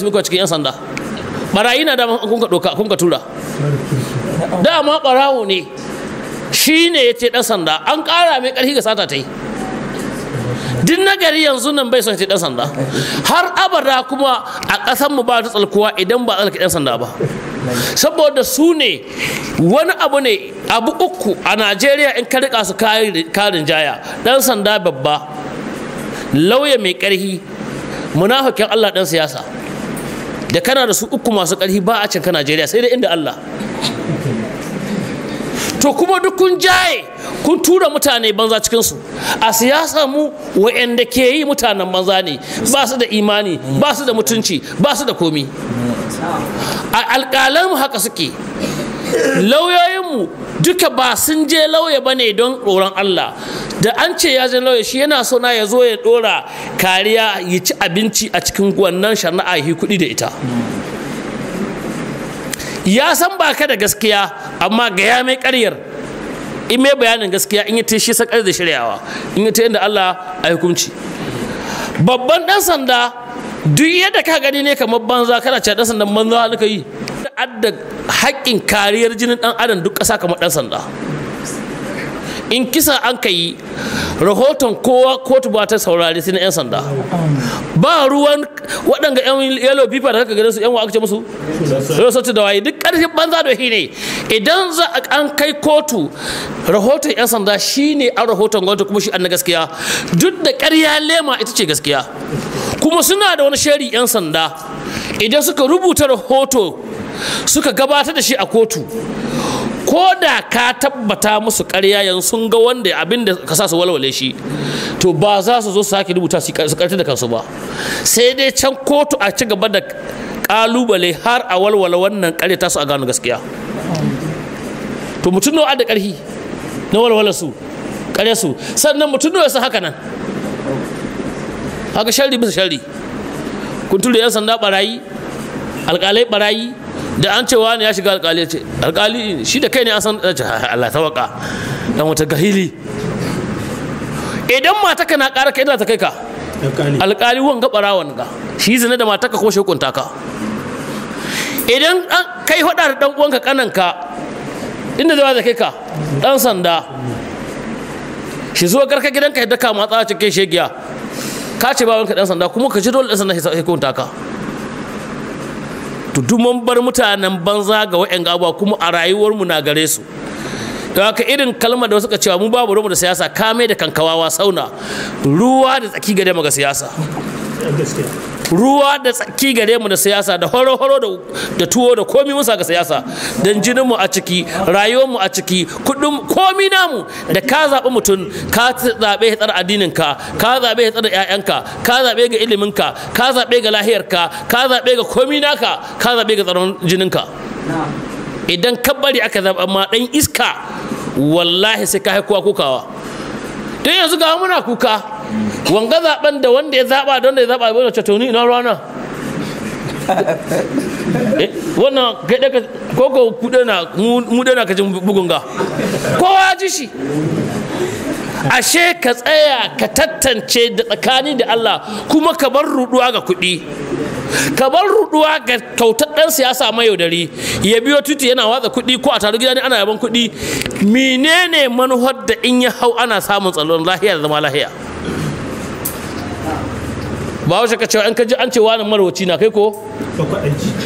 su muku cikin 'yan sanda barayi na dama kun ka doka kun ka tura dama barawo ne shi ne ya ce ɗan sanda an ƙara mai ƙarfi ga sata ta yi duk nagari yanzu nan bai son ce ɗan sanda har abada kuma a ƙasar mu ba ta tsalkuwa idan ba tsalki ɗan sanda ba saboda su ne wani abu ne abu uku a najeriya in ka rika su karin jaya ɗan sanda babba lauya mai ƙarfi munafikin allah ɗan siyasa da kana da su uku masu ƙarfi ba a ka najeriya sai dai inda allah to kuma duk kun jaye kun tura mutane banza cikinsu a siyasa mu wa'anda ke yi mutanen banza ne ba su da imani ba su da mutunci ba su da komi a mu haka suke lauyoyin mu duka ba sun je lauya ba ne don tsoron allah da an ce ya zai lauya shi yana so na ya zo ya dora kariya ya ci abinci a cikin wannan shari'a yi kuɗi da ita ya san ba ka da gaskiya amma ga ya mai karyar in mai bayanin gaskiya in yi ta shi sakar da shiryawa in yi ta yadda Allah a hukunci babban dan sanda duk yadda ka gani ne kamar banza kana ce dan sanda banza ka yi adda haƙƙin kariyar jinin ɗan adam duk ƙasa kamar dan sanda in kisa an ka yi rahoton kowa kotu ba ta saurari sai 'yan sanda ba ruwan waɗanda 'yan yellow people da kaka gare su 'yan wa aka ce musu sosai da waye duk ƙarfin banza da shi ne idan za a an kai kotu rahoton 'yan sanda shi ne a rahoton gwamnati kuma shi an na gaskiya duk da ƙarya lema ita ce gaskiya kuma suna da wani shari 'yan sanda idan suka rubuta rahoto suka gabatar da shi a kotu ko da ka tabbata musu ƙarya yanzu sun ga wanda abin da ka sa su walwale shi to ba za su zo su sake rubuta su karta da kansu ba sai dai can kotu a ci gaba da ƙalubale har a walwala wannan ƙarya ta su a gano gaskiya to mutum nawa da ƙarfi na walwala su ƙarya su sannan mutum nawa sun haka nan haka sharri bisa sharri kun tura 'yan sanda barayi alƙalai barayi da an ce wani ya shiga alkali ce alkali shi da kai ne an san Allah tawaka dan wata gahili idan mata kana ƙara kai da ta kai ka alkali wanga barawan ga shi zina da mata ka ko shi kunta ka idan kai hada da dan uwanka kananka inda zai da kai ka dan sanda shi zuwa garka gidanka ya daka matsa cikin shegiya ka ce bawanka dan sanda kuma ka ji dole dan sanda shi kunta ka to mun bar mutanen banza ga wa'yan abubuwa kuma a rayuwarmu na gare su da haka irin kalmar da wasu ka cewa mu babu rumu da siyasa kame da kankawawa sauna ruwa da tsaki ga dama ga siyasa ruwa da tsaki gare mu da siyasa da horo-horo da tuwo da komi musa ga siyasa don jininmu a ciki rayuwar a ciki kudin komi namu da ka zaɓi mutum ka zaɓe ya tsara ka zaɓe ya tsara ka zaɓe ga iliminka, ka zaɓe ga lahiyarka, ka zaɓe ga komi naka ka zaɓe ga tsaron jininka. idan ka aka zaɓa ma ɗan iska wallahi sai ka haikuwa kukawa don yanzu ga muna kuka wanga zaben da wanda ya zaba da ya zaba ba da catoni ina rana eh, wannan kai ka koko kuɗe na mu na bugun bugunga kowa ji shi ashe ka tsaya ka tattance da tsakani da Allah kuma ka bar ruduwa ga kuɗi ka bar ruduwa ga kyautar ɗan siyasa mai yaudari ya biyo titi yana watsa kuɗi ko a taru gida ne ana yaban kuɗi menene manuhar da in ya hau ana samun tsaron lahiya da zama lahiya ba wace ka cewa an kaji an ce wani marwaci na kai ko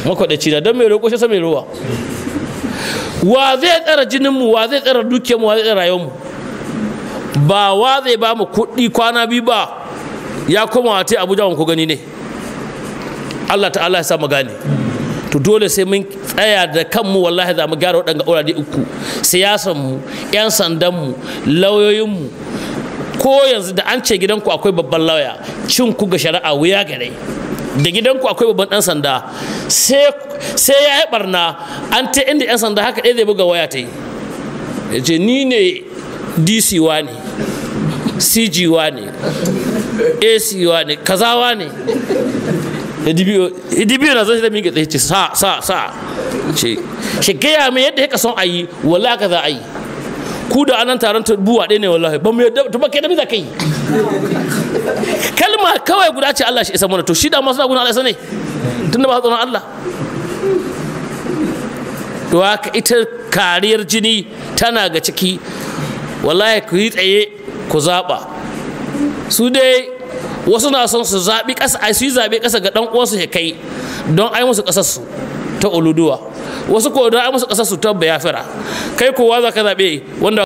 makwaɗaci na don mai roƙo shi mai ruwa wa zai tsara jinin mu wa zai tsara dukiyar mu wa zai tsara rayuwar mu ba wa zai ba mu kuɗi kwana biyu ba ya koma wa ta abuja ku gani ne allah ta'ala ya sa gane to dole sai mun tsaya da kanmu wallahi za mu gyara waɗanda ƙurare uku siyasanmu 'yan sandanmu lauyoyinmu ko yanzu da an ce gidanku akwai babban lauya cin ku ga shari'a wuya gare da gidanku akwai babban ɗan sanda sai ya yi barna an ta inda yan sanda haka ɗaya zai buga waya ta yi ya ce ni ne dc wa ne cg ne ac wa ne Kaza wa ne dibiyo na zai da mingi tsaye ce sa sa sa ce shi gaya mai yadda ya ka son a yi wala ka za a yi ku da anan taron buwa ɗaya ne wallahi ba mu yadda to ba ke da me ka yi kalma kawai guda ce Allah shi isa mana to shi da masu nagunan Allah sane tunda ba tsoron Allah to haka ita kariyar jini tana ga ciki wallahi ku yi tsaye ku zaɓa su dai wasu na son su zaɓi ƙasa su yi zaɓe ƙasa ga ɗan uwansu ya kai don ai musu ƙasarsu su ta oluduwa wasu ko da musu kasar su ya fira kai kowa za ka zaɓe wanda